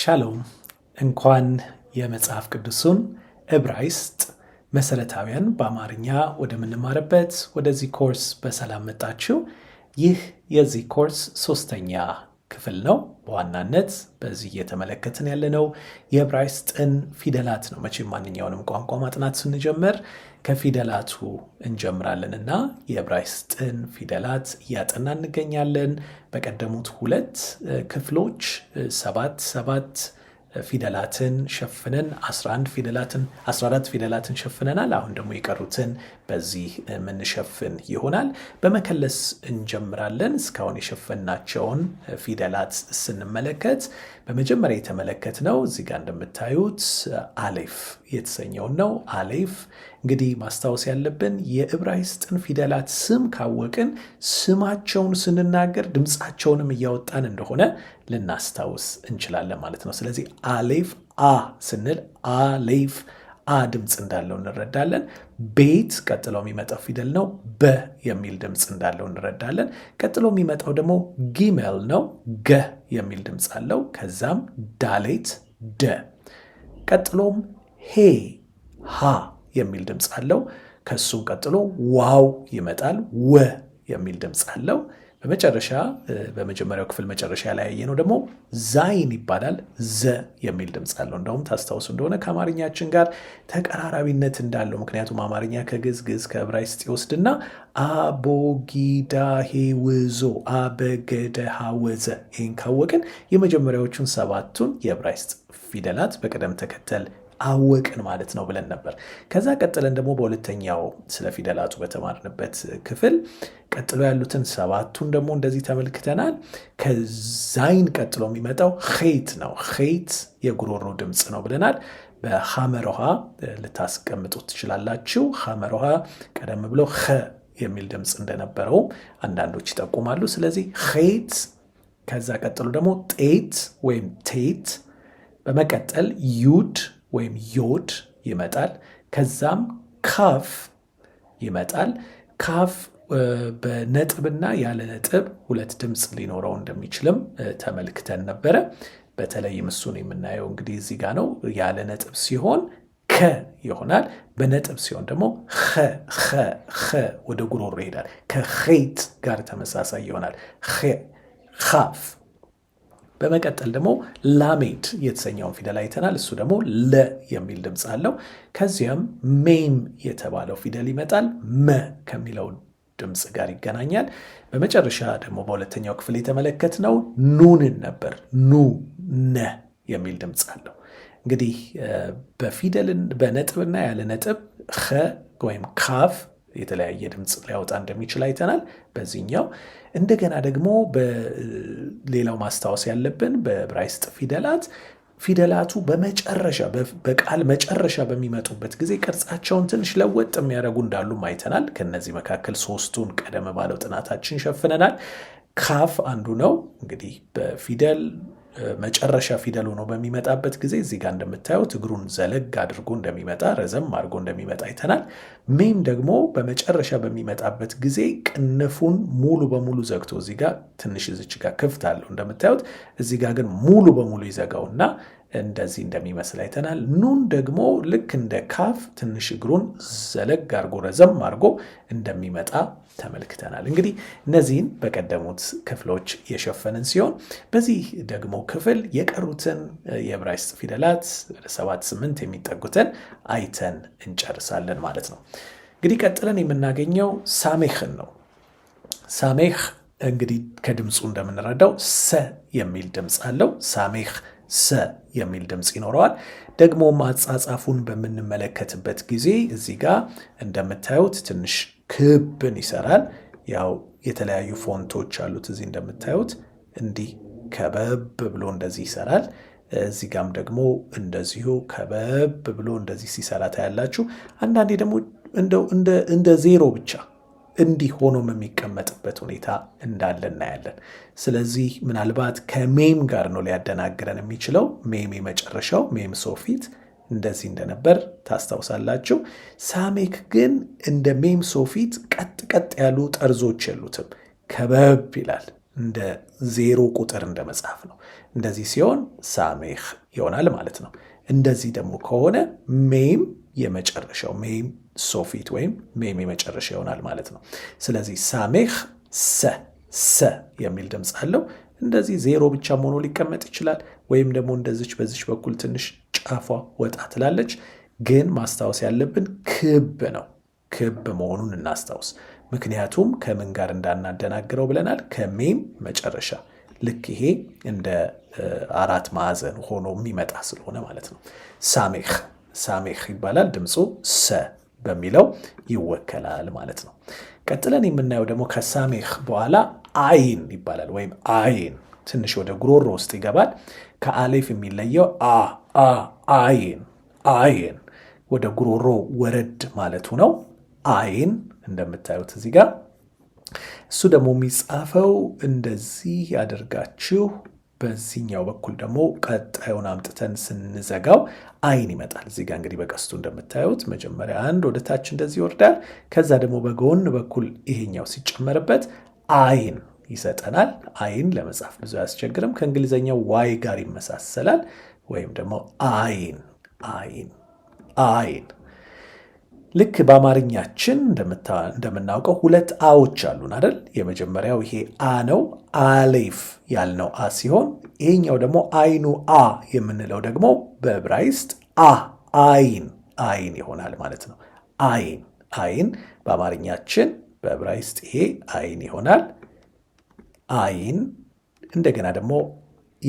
ሻሎም እንኳን የመጽሐፍ ቅዱሱን ዕብራይስጥ መሰረታዊያን በአማርኛ ወደምንማርበት ወደዚህ ኮርስ በሰላም መጣችሁ። ይህ የዚህ ኮርስ ሶስተኛ ክፍል ነው። በዋናነት በዚህ እየተመለከትን ያለነው የዕብራይስጥን ፊደላት ነው። መቼም ማንኛውንም ቋንቋ ማጥናት ስንጀምር ከፊደላቱ እንጀምራለን እና የዕብራይስጥን ፊደላት እያጠና እንገኛለን። በቀደሙት ሁለት ክፍሎች ሰባት ሰባት ፊደላትን ሸፍነን 11 ፊደላትን 14 ፊደላትን ሸፍነናል። አሁን ደግሞ የቀሩትን በዚህ የምንሸፍን ይሆናል። በመከለስ እንጀምራለን። እስካሁን የሸፈናቸውን ፊደላት ስንመለከት በመጀመሪያ የተመለከት እዚህ ጋር እንደምታዩት አሌፍ የተሰኘውን ነው። አሌፍ እንግዲህ ማስታወስ ያለብን የዕብራይስጥን ፊደላት ስም ካወቅን ስማቸውን ስንናገር ድምፃቸውንም እያወጣን እንደሆነ ልናስታውስ እንችላለን ማለት ነው። ስለዚህ አሌፍ አ ስንል አሌፍ አ ድምፅ እንዳለው እንረዳለን። ቤት ቀጥሎ የሚመጣው ፊደል ነው። በ የሚል ድምፅ እንዳለው እንረዳለን። ቀጥሎ የሚመጣው ደግሞ ጊሜል ነው። ገ የሚል ድምፅ አለው። ከዛም ዳሌት ደ፣ ቀጥሎም ሄ ሃ የሚል ድምፅ አለው። ከሱም ቀጥሎ ዋው ይመጣል። ወ የሚል ድምፅ አለው። በመጨረሻ በመጀመሪያው ክፍል መጨረሻ ላይ ያየ ነው ደግሞ ዛይን ይባላል። ዘ የሚል ድምፅ አለው። እንደውም ታስታውሱ እንደሆነ ከአማርኛችን ጋር ተቀራራቢነት እንዳለው ምክንያቱም አማርኛ ከግዕዝ፣ ግዕዝ ከዕብራይስጥ ይወስድና አቦጊዳሄውዞ አበገደሃወዘ ይህን ካወቅን የመጀመሪያዎቹን ሰባቱን የዕብራይስጥ ፊደላት በቅደም ተከተል አወቅን ማለት ነው ብለን ነበር። ከዛ ቀጥለን ደግሞ በሁለተኛው ስለ ፊደላቱ በተማርንበት ክፍል ቀጥሎ ያሉትን ሰባቱን ደግሞ እንደዚህ ተመልክተናል። ከዛይን ቀጥሎ የሚመጣው ኸይት ነው። ሄት የጉሮሮ ድምፅ ነው ብለናል። በሐመሮሃ ልታስቀምጡ ትችላላችሁ። ሐመሮሃ ቀደም ብሎ ኸ የሚል ድምፅ እንደነበረው አንዳንዶች ይጠቁማሉ። ስለዚህ ሄት ከዛ ቀጥሎ ደግሞ ጤት ወይም ቴት፣ በመቀጠል ዩድ ወይም ዮድ ይመጣል። ከዛም ካፍ ይመጣል። ካፍ በነጥብና ያለ ነጥብ ሁለት ድምፅ ሊኖረው እንደሚችልም ተመልክተን ነበረ። በተለይም እሱን የምናየው እንግዲህ እዚህ ጋ ነው። ያለ ነጥብ ሲሆን ከ ይሆናል። በነጥብ ሲሆን ደግሞ ወደ ጉሮሮ ይሄዳል። ከኼት ጋር ተመሳሳይ ይሆናል። ካፍ በመቀጠል ደግሞ ላሜድ የተሰኘውን ፊደል አይተናል። እሱ ደግሞ ለ የሚል ድምፅ አለው። ከዚያም ሜም የተባለው ፊደል ይመጣል። መ ከሚለው ድምፅ ጋር ይገናኛል። በመጨረሻ ደግሞ በሁለተኛው ክፍል የተመለከትነው ኑንን ነበር። ኑ ነ የሚል ድምፅ አለው። እንግዲህ በፊደልን በነጥብና ያለ ነጥብ ኸ ወይም ካፍ የተለያየ ድምፅ ሊያወጣ እንደሚችል አይተናል በዚህኛው። እንደገና ደግሞ በሌላው ማስታወስ ያለብን በብራይስጥ ፊደላት ፊደላቱ በመጨረሻ በቃል መጨረሻ በሚመጡበት ጊዜ ቅርጻቸውን ትንሽ ለወጥ የሚያደርጉ እንዳሉም አይተናል። ከነዚህ መካከል ሶስቱን ቀደም ባለው ጥናታችን ሸፍነናል። ካፍ አንዱ ነው። እንግዲህ በፊደል መጨረሻ ፊደል ሆኖ በሚመጣበት ጊዜ እዚህ ጋር እንደምታዩት እግሩን ዘለግ አድርጎ እንደሚመጣ ረዘም አድርጎ እንደሚመጣ አይተናል። ሜም ደግሞ በመጨረሻ በሚመጣበት ጊዜ ቅንፉን ሙሉ በሙሉ ዘግቶ እዚህ ጋር ትንሽ እዚች ጋር ክፍት አለው እንደምታዩት፣ እዚህ ጋር ግን ሙሉ በሙሉ ይዘጋውና እንደዚህ እንደሚመስል አይተናል። ኑን ደግሞ ልክ እንደ ካፍ ትንሽ እግሩን ዘለግ አድርጎ ረዘም አድርጎ እንደሚመጣ ተመልክተናል። እንግዲህ እነዚህን በቀደሙት ክፍሎች የሸፈንን ሲሆን በዚህ ደግሞ ክፍል የቀሩትን የዕብራይስጥ ፊደላት ወደ ሰባት ስምንት የሚጠጉትን አይተን እንጨርሳለን ማለት ነው። እንግዲህ ቀጥለን የምናገኘው ሳሜህን ነው። ሳሜህ እንግዲህ ከድምፁ እንደምንረዳው ሰ የሚል ድምፅ አለው። ሳሜህ ሰ የሚል ድምፅ ይኖረዋል። ደግሞ ማጻጻፉን በምንመለከትበት ጊዜ እዚህ ጋር እንደምታዩት ትንሽ ክብን ይሰራል። ያው የተለያዩ ፎንቶች አሉት። እዚህ እንደምታዩት እንዲህ ከበብ ብሎ እንደዚህ ይሰራል። እዚህ ጋም ደግሞ እንደዚሁ ከበብ ብሎ እንደዚህ ሲሰራ ታያላችሁ። አንዳንዴ ደግሞ እንደው እንደ ዜሮ ብቻ እንዲህ ሆኖም የሚቀመጥበት ሁኔታ እንዳለ እናያለን። ስለዚህ ምናልባት ከሜም ጋር ነው ሊያደናግረን የሚችለው። ሜም የመጨረሻው ሜም ሶፊት እንደዚህ እንደነበር ታስታውሳላችሁ። ሳሜክ ግን እንደ ሜም ሶፊት ቀጥ ቀጥ ያሉ ጠርዞች የሉትም፣ ከበብ ይላል። እንደ ዜሮ ቁጥር እንደ መጽሐፍ ነው። እንደዚህ ሲሆን ሳሜህ ይሆናል ማለት ነው። እንደዚህ ደግሞ ከሆነ ሜም የመጨረሻው ሜም ሶፊት ወይም ሜም የመጨረሻ ይሆናል ማለት ነው። ስለዚህ ሳሜህ ሰ ሰ የሚል ድምፅ አለው። እንደዚህ ዜሮ ብቻ ሆኖ ሊቀመጥ ይችላል። ወይም ደግሞ እንደዚች በዚች በኩል ትንሽ ጫፏ ወጣ ትላለች። ግን ማስታወስ ያለብን ክብ ነው። ክብ መሆኑን እናስታውስ። ምክንያቱም ከምን ጋር እንዳናደናግረው ብለናል። ከሜም መጨረሻ ልክ ይሄ እንደ አራት ማዕዘን ሆኖ የሚመጣ ስለሆነ ማለት ነው። ሳሜህ ሳሜህ ይባላል። ድምፁ ሰ በሚለው ይወከላል ማለት ነው። ቀጥለን የምናየው ደግሞ ከሳሜህ በኋላ አይን ይባላል ወይም አይን ትንሽ ወደ ጉሮሮ ውስጥ ይገባል። ከአሌፍ የሚለየው አ አ አይን አይን ወደ ጉሮሮ ወረድ ማለቱ ነው። አይን እንደምታዩት እዚህ ጋር እሱ ደግሞ የሚጻፈው እንደዚህ ያደርጋችሁ በዚህኛው በኩል ደግሞ ቀጣዩን አምጥተን ስንዘጋው አይን ይመጣል። እዚህ ጋር እንግዲህ በቀስቱ እንደምታዩት መጀመሪያ አንድ ወደ ታች እንደዚህ ይወርዳል። ከዛ ደግሞ በጎን በኩል ይሄኛው ሲጨመርበት አይን ይሰጠናል። አይን ለመጻፍ ብዙ አያስቸግርም። ከእንግሊዘኛው ዋይ ጋር ይመሳሰላል። ወይም ደግሞ አይን አይን አይን ልክ በአማርኛችን እንደምናውቀው ሁለት አዎች አሉን አይደል? የመጀመሪያው ይሄ አ ነው፣ አሌፍ ያልነው አ ሲሆን ይሄኛው ደግሞ አይኑ አ የምንለው ደግሞ በዕብራይስጥ አ አይን አይን ይሆናል ማለት ነው። አይን አይን በአማርኛችን በዕብራይስጥ ይሄ አይን ይሆናል። አይን እንደገና ደግሞ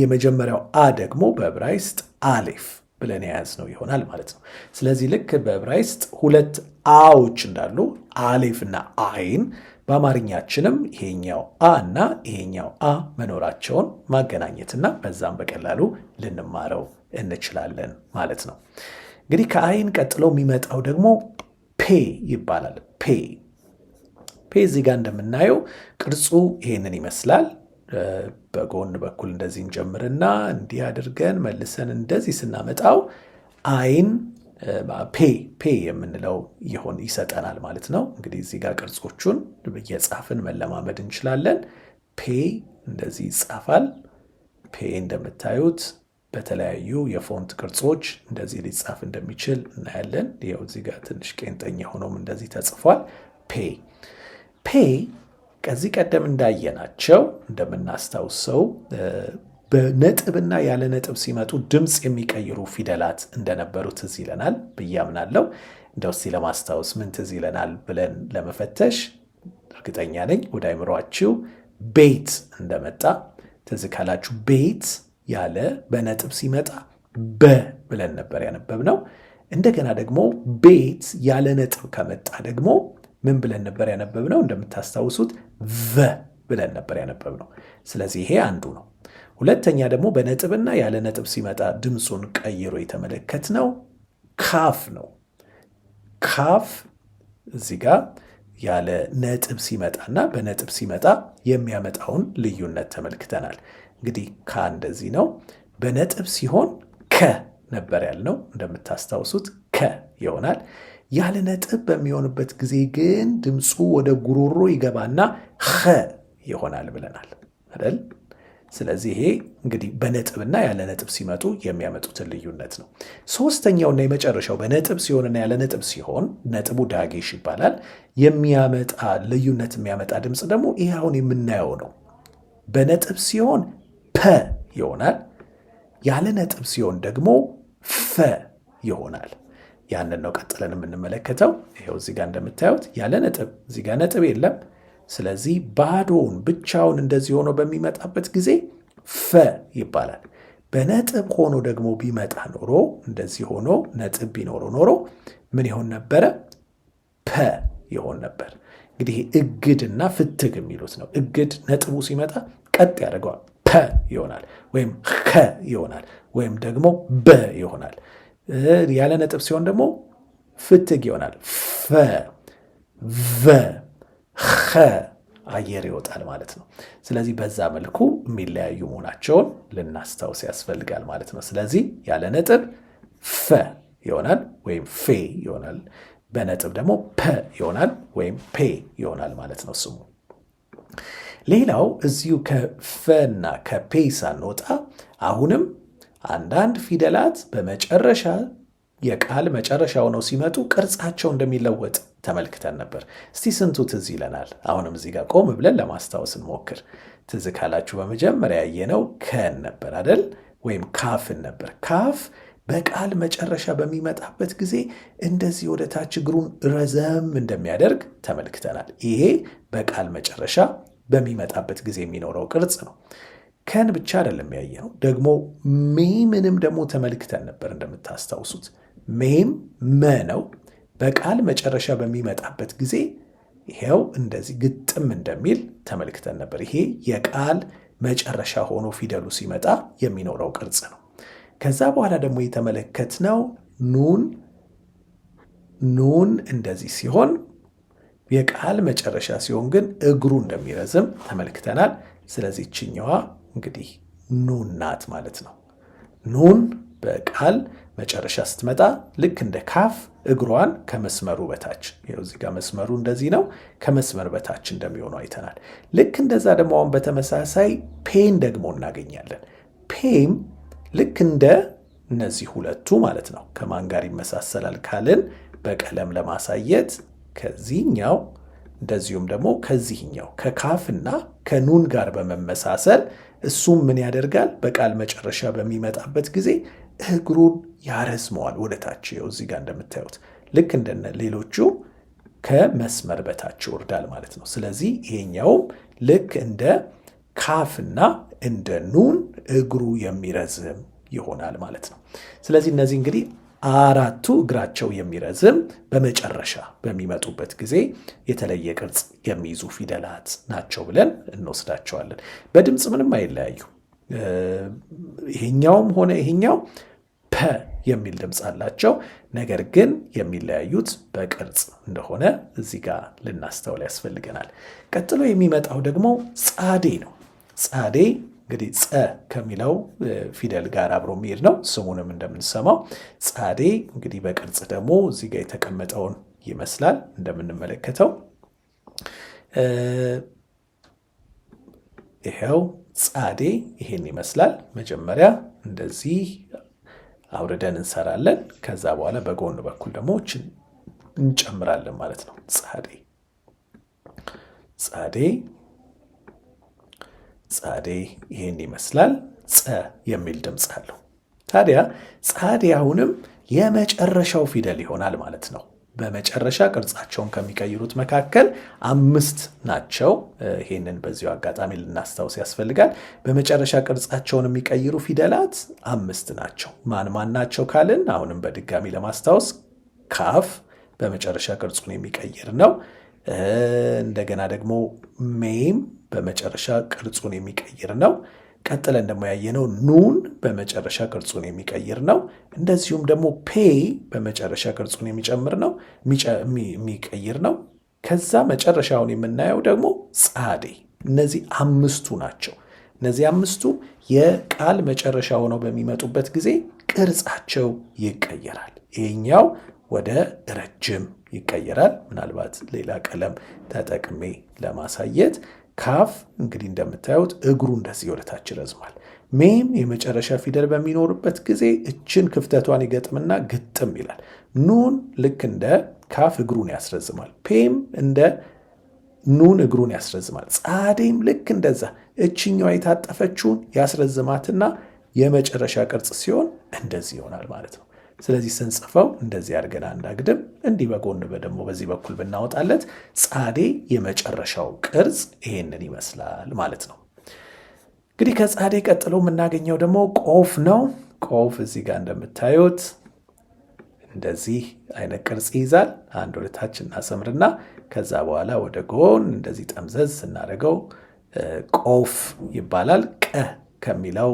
የመጀመሪያው አ ደግሞ በዕብራይስጥ አሌፍ ብለን የያዝነው ይሆናል ማለት ነው። ስለዚህ ልክ በዕብራይስጥ ሁለት አዎች እንዳሉ አሌፍ እና አይን በአማርኛችንም ይሄኛው አ እና ይሄኛው አ መኖራቸውን ማገናኘትና በዛም በቀላሉ ልንማረው እንችላለን ማለት ነው። እንግዲህ ከአይን ቀጥሎ የሚመጣው ደግሞ ፔ ይባላል። ፔ ፔ እዚህ ጋር እንደምናየው ቅርጹ ይሄንን ይመስላል። በጎን በኩል እንደዚህ እንጨምርና እንዲህ አድርገን መልሰን እንደዚህ ስናመጣው አይን ፔ ፔ የምንለው ይሆን ይሰጠናል ማለት ነው። እንግዲህ እዚህ ጋር ቅርጾቹን እየጻፍን መለማመድ እንችላለን። ፔ እንደዚህ ይጻፋል። ፔ እንደምታዩት በተለያዩ የፎንት ቅርጾች እንደዚህ ሊጻፍ እንደሚችል እናያለን። ይኸው እዚህ ጋር ትንሽ ቄንጠኛ ሆኖም እንደዚህ ተጽፏል። ፔ ፔ ከዚህ ቀደም እንዳየናቸው እንደምናስታውሰው በነጥብና ያለ ነጥብ ሲመጡ ድምፅ የሚቀይሩ ፊደላት እንደነበሩ ትዝ ይለናል ብያምናለው። እንደው እስቲ ለማስታወስ ምን ትዝ ይለናል ብለን ለመፈተሽ እርግጠኛ ነኝ ወደ አይምሯችሁ ቤት እንደመጣ ትዝ ካላችሁ ቤት ያለ በነጥብ ሲመጣ በ ብለን ነበር ያነበብነው። እንደገና ደግሞ ቤት ያለ ነጥብ ከመጣ ደግሞ ምን ብለን ነበር ያነበብነው? እንደምታስታውሱት ቨ ብለን ነበር ያነበብነው። ስለዚህ ይሄ አንዱ ነው። ሁለተኛ ደግሞ በነጥብና ያለ ነጥብ ሲመጣ ድምፁን ቀይሮ የተመለከትነው ካፍ ነው። ካፍ እዚህ ጋ ያለ ነጥብ ሲመጣና በነጥብ ሲመጣ የሚያመጣውን ልዩነት ተመልክተናል። እንግዲህ ካ እንደዚህ ነው። በነጥብ ሲሆን ከ ነበር ያልነው። እንደምታስታውሱት ከ ይሆናል። ያለ ነጥብ በሚሆንበት ጊዜ ግን ድምፁ ወደ ጉሮሮ ይገባና ኸ ይሆናል ብለናል አይደል? ስለዚህ ይሄ እንግዲህ በነጥብና ያለ ነጥብ ሲመጡ የሚያመጡትን ልዩነት ነው። ሶስተኛውና የመጨረሻው በነጥብ ሲሆንና ያለ ነጥብ ሲሆን ነጥቡ ዳጌሽ ይባላል። የሚያመጣ ልዩነት የሚያመጣ ድምፅ ደግሞ ይህ አሁን የምናየው ነው። በነጥብ ሲሆን ፐ ይሆናል። ያለ ነጥብ ሲሆን ደግሞ ፈ ይሆናል። ያንን ነው ቀጥለን የምንመለከተው። ይኸው እዚህ ጋር እንደምታዩት ያለ ነጥብ እዚህ ጋር ነጥብ የለም። ስለዚህ ባዶውን ብቻውን እንደዚህ ሆኖ በሚመጣበት ጊዜ ፈ ይባላል። በነጥብ ሆኖ ደግሞ ቢመጣ ኖሮ እንደዚህ ሆኖ ነጥብ ቢኖሮ ኖሮ ምን ይሆን ነበረ? ፐ ይሆን ነበር። እንግዲህ እግድና ፍትግ የሚሉት ነው። እግድ ነጥቡ ሲመጣ ቀጥ ያደርገዋል፣ ፐ ይሆናል፣ ወይም ከ ይሆናል፣ ወይም ደግሞ በ ይሆናል። ያለ ነጥብ ሲሆን ደግሞ ፍትግ ይሆናል። ፈ ቨ ኸ አየር ይወጣል ማለት ነው። ስለዚህ በዛ መልኩ የሚለያዩ መሆናቸውን ልናስታውስ ያስፈልጋል ማለት ነው። ስለዚህ ያለ ነጥብ ፈ ይሆናል ወይም ፌ ይሆናል። በነጥብ ደግሞ ፐ ይሆናል ወይም ፔ ይሆናል ማለት ነው ስሙ። ሌላው እዚሁ ከፈና ከፔ ሳንወጣ አሁንም አንዳንድ ፊደላት በመጨረሻ የቃል መጨረሻ ሆነው ሲመጡ ቅርጻቸው እንደሚለወጥ ተመልክተን ነበር። እስቲ ስንቱ ትዝ ይለናል? አሁንም እዚህ ጋር ቆም ብለን ለማስታወስ እንሞክር። ትዝ ካላችሁ በመጀመሪያ ያየነው ከን ነበር አደል? ወይም ካፍን ነበር። ካፍ በቃል መጨረሻ በሚመጣበት ጊዜ እንደዚህ ወደ ታች እግሩን ረዘም እንደሚያደርግ ተመልክተናል። ይሄ በቃል መጨረሻ በሚመጣበት ጊዜ የሚኖረው ቅርጽ ነው። ከን ብቻ አይደለም ያየ ነው ደግሞ ሜምንም ደግሞ ተመልክተን ነበር። እንደምታስታውሱት ሜም መ ነው። በቃል መጨረሻ በሚመጣበት ጊዜ ይሄው እንደዚህ ግጥም እንደሚል ተመልክተን ነበር። ይሄ የቃል መጨረሻ ሆኖ ፊደሉ ሲመጣ የሚኖረው ቅርጽ ነው። ከዛ በኋላ ደግሞ የተመለከትነው ኑን ኑን እንደዚህ ሲሆን የቃል መጨረሻ ሲሆን ግን እግሩ እንደሚረዝም ተመልክተናል። ስለዚህ ችኛዋ እንግዲህ ኑን ናት ማለት ነው። ኑን በቃል መጨረሻ ስትመጣ ልክ እንደ ካፍ እግሯን ከመስመሩ በታች ይኸው እዚህ ጋር መስመሩ እንደዚህ ነው። ከመስመር በታች እንደሚሆኑ አይተናል። ልክ እንደዛ ደግሞ አሁን በተመሳሳይ ፔን ደግሞ እናገኛለን። ፔም ልክ እንደ እነዚህ ሁለቱ ማለት ነው። ከማን ጋር ይመሳሰላል ካልን በቀለም ለማሳየት ከዚህኛው እንደዚሁም ደግሞ ከዚህኛው ከካፍና ከኑን ጋር በመመሳሰል እሱም ምን ያደርጋል? በቃል መጨረሻ በሚመጣበት ጊዜ እግሩን ያረዝመዋል ወደ ታች። እዚህ ጋር እንደምታዩት ልክ እንደነ ሌሎቹ ከመስመር በታች ይወርዳል ማለት ነው። ስለዚህ ይሄኛውም ልክ እንደ ካፍና እንደ ኑን እግሩ የሚረዝም ይሆናል ማለት ነው። ስለዚህ እነዚህ እንግዲህ አራቱ እግራቸው የሚረዝም በመጨረሻ በሚመጡበት ጊዜ የተለየ ቅርጽ የሚይዙ ፊደላት ናቸው ብለን እንወስዳቸዋለን። በድምፅ ምንም አይለያዩ። ይሄኛውም ሆነ ይሄኛው ፐ የሚል ድምፅ አላቸው። ነገር ግን የሚለያዩት በቅርጽ እንደሆነ እዚህ ጋር ልናስተውል ያስፈልገናል። ቀጥሎ የሚመጣው ደግሞ ጻዴ ነው። ጻዴ እንግዲህ ፀ ከሚለው ፊደል ጋር አብሮ የሚሄድ ነው። ስሙንም እንደምንሰማው ጻዴ እንግዲህ በቅርጽ ደግሞ እዚህ ጋር የተቀመጠውን ይመስላል እንደምንመለከተው ይኸው ጻዴ ይሄን ይመስላል። መጀመሪያ እንደዚህ አውርደን እንሰራለን። ከዛ በኋላ በጎን በኩል ደግሞ እንጨምራለን ማለት ነው። ጻዴ ጻዴ ጻዴ ይህን ይመስላል። ጸ የሚል ድምፅ አለው። ታዲያ ጻዴ አሁንም የመጨረሻው ፊደል ይሆናል ማለት ነው። በመጨረሻ ቅርጻቸውን ከሚቀይሩት መካከል አምስት ናቸው። ይህንን በዚሁ አጋጣሚ ልናስታውስ ያስፈልጋል። በመጨረሻ ቅርጻቸውን የሚቀይሩ ፊደላት አምስት ናቸው። ማን ማን ናቸው ካልን አሁንም በድጋሚ ለማስታወስ ካፍ በመጨረሻ ቅርጹን የሚቀይር ነው። እንደገና ደግሞ ሜም በመጨረሻ ቅርጹን የሚቀይር ነው። ቀጥለን ደግሞ ያየነው ኑን በመጨረሻ ቅርጹን የሚቀይር ነው። እንደዚሁም ደግሞ ፔይ በመጨረሻ ቅርጹን የሚጨምር ነው የሚቀይር ነው። ከዛ መጨረሻውን የምናየው ደግሞ ጻዴ። እነዚህ አምስቱ ናቸው። እነዚህ አምስቱ የቃል መጨረሻ ሆነው በሚመጡበት ጊዜ ቅርጻቸው ይቀየራል። ይሄኛው ወደ ረጅም ይቀየራል። ምናልባት ሌላ ቀለም ተጠቅሜ ለማሳየት ካፍ እንግዲህ እንደምታዩት እግሩ እንደዚህ ወደታች ይረዝማል። ሜም የመጨረሻ ፊደል በሚኖርበት ጊዜ እችን ክፍተቷን ይገጥምና ግጥም ይላል። ኑን ልክ እንደ ካፍ እግሩን ያስረዝማል። ፔም እንደ ኑን እግሩን ያስረዝማል። ጻዴም ልክ እንደዛ እችኛዋ የታጠፈችውን ያስረዝማትና የመጨረሻ ቅርጽ ሲሆን እንደዚህ ይሆናል ማለት ነው። ስለዚህ ስንጽፈው እንደዚህ አድርገን አንዳግድም እንዲህ በጎን ደግሞ በዚህ በኩል ብናወጣለት ጻዴ የመጨረሻው ቅርጽ ይሄንን ይመስላል ማለት ነው። እንግዲህ ከጻዴ ቀጥሎ የምናገኘው ደግሞ ቆፍ ነው። ቆፍ እዚህ ጋር እንደምታዩት እንደዚህ አይነት ቅርጽ ይይዛል። አንድ ወደታች እናሰምርና ከዛ በኋላ ወደ ጎን እንደዚህ ጠምዘዝ ስናደርገው ቆፍ ይባላል። ቀ ከሚለው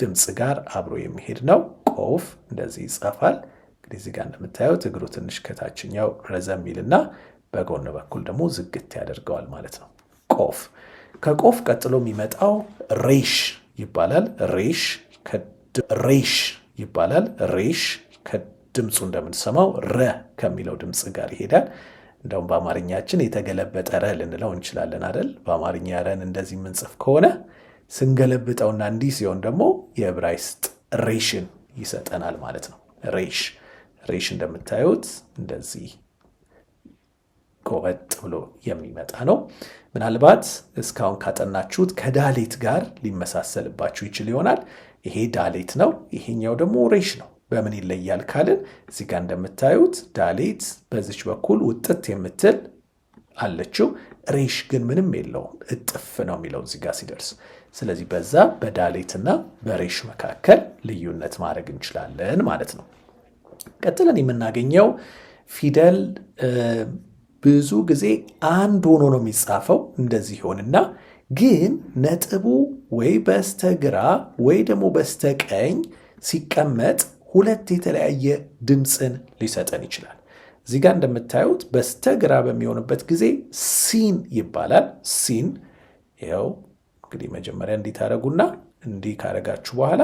ድምፅ ጋር አብሮ የሚሄድ ነው። ቆፍ እንደዚህ ይጻፋል። እንግዲህ እዚህ ጋር እንደምታዩት እግሩ ትንሽ ከታችኛው ረዘም ይልና በጎን በኩል ደግሞ ዝግት ያደርገዋል ማለት ነው። ቆፍ ከቆፍ ቀጥሎ የሚመጣው ሬሽ ይባላል። ሬሽ ሬሽ ይባላል። ሬሽ ከድምፁ እንደምንሰማው ረ ከሚለው ድምፅ ጋር ይሄዳል። እንደውም በአማርኛችን የተገለበጠ ረ ልንለው እንችላለን አደል? በአማርኛ ረን እንደዚህ የምንጽፍ ከሆነ ስንገለብጠውና እንዲህ ሲሆን ደግሞ የዕብራይስጥ ሬሽን ይሰጠናል ማለት ነው። ሬሽ ሬሽ እንደምታዩት እንደዚህ ጎበጥ ብሎ የሚመጣ ነው። ምናልባት እስካሁን ካጠናችሁት ከዳሌት ጋር ሊመሳሰልባችሁ ይችል ይሆናል። ይሄ ዳሌት ነው፣ ይሄኛው ደግሞ ሬሽ ነው። በምን ይለያል ካልን እዚህ ጋር እንደምታዩት ዳሌት በዚች በኩል ውጥት የምትል አለችው። ሬሽ ግን ምንም የለውም፣ እጥፍ ነው የሚለው እዚህ ጋር ሲደርስ። ስለዚህ በዛ በዳሌትና በሬሽ መካከል ልዩነት ማድረግ እንችላለን ማለት ነው። ቀጥለን የምናገኘው ፊደል ብዙ ጊዜ አንድ ሆኖ ነው የሚጻፈው። እንደዚህ ይሆንና ግን ነጥቡ ወይ በስተግራ ወይ ደግሞ በስተቀኝ ሲቀመጥ ሁለት የተለያየ ድምፅን ሊሰጠን ይችላል። እዚህ ጋር እንደምታዩት በስተግራ በሚሆንበት ጊዜ ሲን ይባላል። ሲን ይኸው እንግዲህ መጀመሪያ እንዲህ ታረጉና እንዲህ ካረጋችሁ በኋላ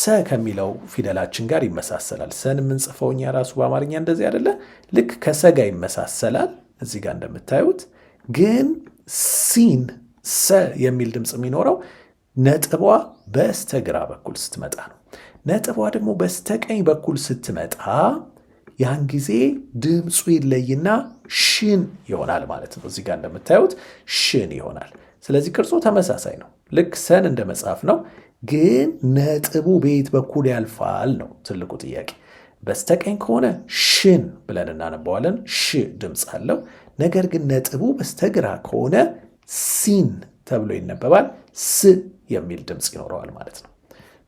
ሰ ከሚለው ፊደላችን ጋር ይመሳሰላል። ሰን የምንጽፈው እኛ ራሱ በአማርኛ እንደዚህ አይደለ? ልክ ከሰ ጋር ይመሳሰላል። እዚህ ጋር እንደምታዩት ግን ሲን ሰ የሚል ድምፅ የሚኖረው ነጥቧ በስተግራ በኩል ስትመጣ ነው። ነጥቧ ደግሞ በስተቀኝ በኩል ስትመጣ ያን ጊዜ ድምፁ ይለይና ሽን ይሆናል ማለት ነው። እዚህ ጋር እንደምታዩት ሽን ይሆናል። ስለዚህ ቅርጹ ተመሳሳይ ነው። ልክ ሰን እንደ መጽሐፍ ነው። ግን ነጥቡ በየት በኩል ያልፋል ነው ትልቁ ጥያቄ። በስተቀኝ ከሆነ ሽን ብለን እናነበዋለን ሽ ድምፅ አለው። ነገር ግን ነጥቡ በስተግራ ከሆነ ሲን ተብሎ ይነበባል። ስ የሚል ድምፅ ይኖረዋል ማለት ነው።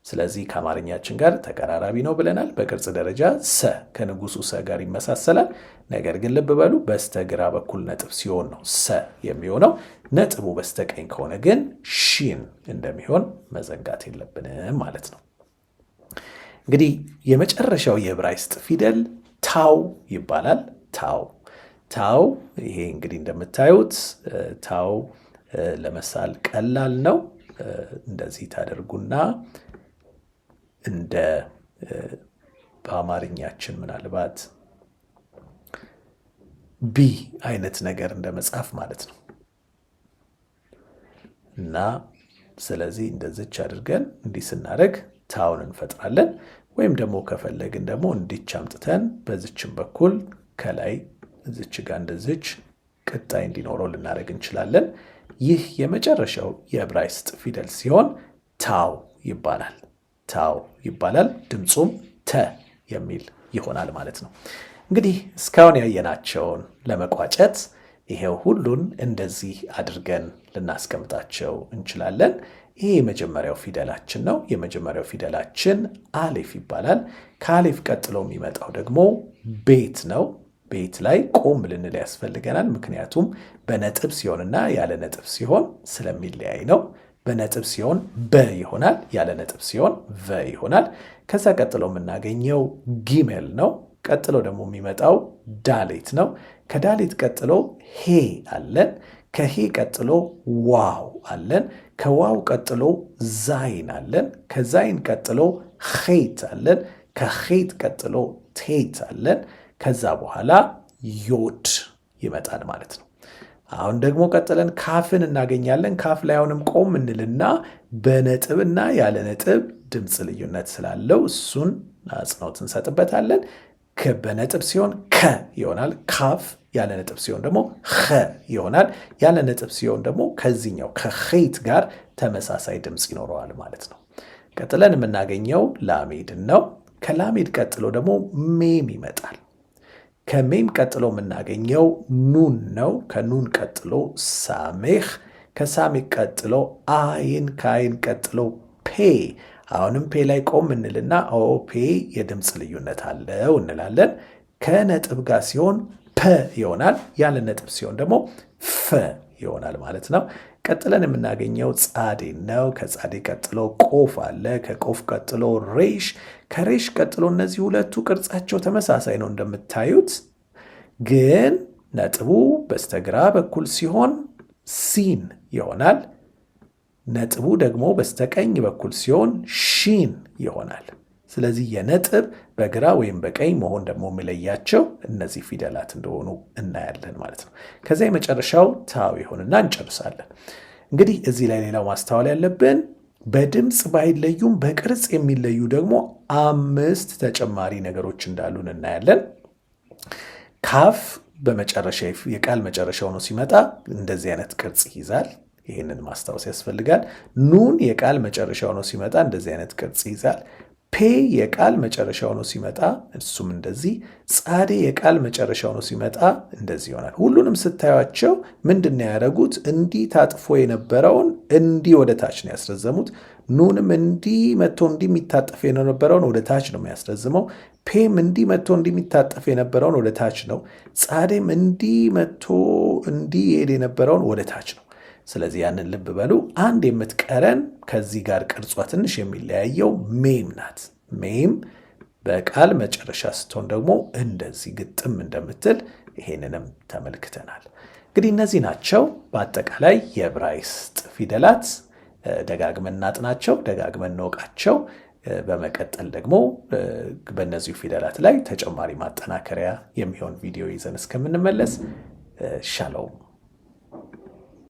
ስለዚህ ከአማርኛችን ጋር ተቀራራቢ ነው ብለናል። በቅርጽ ደረጃ ሰ ከንጉሱ ሰ ጋር ይመሳሰላል። ነገር ግን ልብ በሉ በስተግራ በኩል ነጥብ ሲሆን ነው ሰ የሚሆነው። ነጥቡ በስተቀኝ ከሆነ ግን ሺን እንደሚሆን መዘንጋት የለብንም ማለት ነው። እንግዲህ የመጨረሻው የዕብራይስጥ ፊደል ታው ይባላል። ታው ታው ይሄ እንግዲህ እንደምታዩት ታው ለመሳል ቀላል ነው። እንደዚህ ታደርጉና እንደ በአማርኛችን ምናልባት ቢ አይነት ነገር እንደ መጽሐፍ ማለት ነው እና ስለዚህ እንደዚች አድርገን እንዲህ ስናደርግ ታውን እንፈጥራለን። ወይም ደግሞ ከፈለግን ደግሞ እንዲች አምጥተን በዝችን በኩል ከላይ እዚች ጋር እንደዚች ቅጣይ እንዲኖረው ልናደርግ እንችላለን። ይህ የመጨረሻው የዕብራይስጥ ፊደል ሲሆን ታው ይባላል። ታው ይባላል። ድምፁም ተ የሚል ይሆናል ማለት ነው። እንግዲህ እስካሁን ያየናቸውን ለመቋጨት ይሄው ሁሉን እንደዚህ አድርገን ልናስቀምጣቸው እንችላለን። ይሄ የመጀመሪያው ፊደላችን ነው። የመጀመሪያው ፊደላችን አሌፍ ይባላል። ከአሌፍ ቀጥሎ የሚመጣው ደግሞ ቤት ነው። ቤት ላይ ቆም ልንል ያስፈልገናል። ምክንያቱም በነጥብ ሲሆንና ያለ ነጥብ ሲሆን ስለሚለያይ ነው። በነጥብ ሲሆን በ ይሆናል። ያለ ነጥብ ሲሆን ቨ ይሆናል። ከዛ ቀጥሎ የምናገኘው ጊሜል ነው። ቀጥሎ ደግሞ የሚመጣው ዳሌት ነው። ከዳሌት ቀጥሎ ሄ አለን። ከሄ ቀጥሎ ዋው አለን። ከዋው ቀጥሎ ዛይን አለን። ከዛይን ቀጥሎ ኼት አለን። ከኼት ቀጥሎ ቴት አለን። ከዛ በኋላ ዮድ ይመጣል ማለት ነው። አሁን ደግሞ ቀጥለን ካፍን እናገኛለን። ካፍ ላይ አሁንም ቆም እንልና በነጥብና ያለ ነጥብ ድምፅ ልዩነት ስላለው እሱን አጽንኦት እንሰጥበታለን። በነጥብ ሲሆን ከ ይሆናል። ካፍ ያለ ነጥብ ሲሆን ደግሞ ኸ ይሆናል። ያለ ነጥብ ሲሆን ደግሞ ከዚህኛው ከኸይት ጋር ተመሳሳይ ድምፅ ይኖረዋል ማለት ነው። ቀጥለን የምናገኘው ላሜድን ነው። ከላሜድ ቀጥሎ ደግሞ ሜም ይመጣል። ከሜም ቀጥሎ የምናገኘው ኑን ነው። ከኑን ቀጥሎ ሳሜህ፣ ከሳሜህ ቀጥሎ አይን፣ ከአይን ቀጥሎ ፔ። አሁንም ፔ ላይ ቆም እንልና ኦ ፔ የድምፅ ልዩነት አለው እንላለን። ከነጥብ ጋር ሲሆን ፐ ይሆናል። ያለ ነጥብ ሲሆን ደግሞ ፈ ይሆናል ማለት ነው። ቀጥለን የምናገኘው ጻዴ ነው። ከጻዴ ቀጥሎ ቆፍ አለ። ከቆፍ ቀጥሎ ሬሽ ከሬሽ ቀጥሎ እነዚህ ሁለቱ ቅርጻቸው ተመሳሳይ ነው እንደምታዩት፣ ግን ነጥቡ በስተግራ በኩል ሲሆን ሲን ይሆናል። ነጥቡ ደግሞ በስተቀኝ በኩል ሲሆን ሺን ይሆናል። ስለዚህ የነጥብ በግራ ወይም በቀኝ መሆን ደግሞ የሚለያቸው እነዚህ ፊደላት እንደሆኑ እናያለን ማለት ነው። ከዚያ የመጨረሻው ታው ይሆንና እንጨርሳለን። እንግዲህ እዚህ ላይ ሌላው ማስተዋል ያለብን በድምፅ ባይለዩም በቅርጽ የሚለዩ ደግሞ አምስት ተጨማሪ ነገሮች እንዳሉን እናያለን። ካፍ በመጨረሻ የቃል መጨረሻ ሆኖ ሲመጣ እንደዚህ አይነት ቅርጽ ይይዛል። ይህንን ማስታወስ ያስፈልጋል። ኑን የቃል መጨረሻ ሆኖ ሲመጣ እንደዚህ አይነት ቅርጽ ይይዛል። ፔ የቃል መጨረሻው ነው ሲመጣ እሱም እንደዚህ፣ ጻዴ የቃል መጨረሻው ነው ሲመጣ እንደዚህ ይሆናል። ሁሉንም ስታዩቸው ምንድን ያደረጉት? እንዲህ ታጥፎ የነበረውን እንዲህ ወደ ታች ነው ያስረዘሙት። ኑንም እንዲህ መጥቶ እንዲህ የሚታጠፍ የነበረውን ወደ ታች ነው የሚያስረዝመው። ፔም እንዲህ መጥቶ እንዲህ የሚታጠፍ የነበረውን ወደ ታች ነው። ጻዴም እንዲህ መጥቶ እንዲህ ይሄድ የነበረውን ወደ ታች ነው። ስለዚህ ያንን ልብ በሉ። አንድ የምትቀረን ከዚህ ጋር ቅርጿ ትንሽ የሚለያየው ሜም ናት። ሜም በቃል መጨረሻ ስትሆን ደግሞ እንደዚህ ግጥም እንደምትል ይሄንንም ተመልክተናል። እንግዲህ እነዚህ ናቸው በአጠቃላይ የዕብራይስጥ ፊደላት። ደጋግመን እናጥናቸው፣ ደጋግመን እንወቃቸው። በመቀጠል ደግሞ በእነዚሁ ፊደላት ላይ ተጨማሪ ማጠናከሪያ የሚሆን ቪዲዮ ይዘን እስከምንመለስ ሻሎም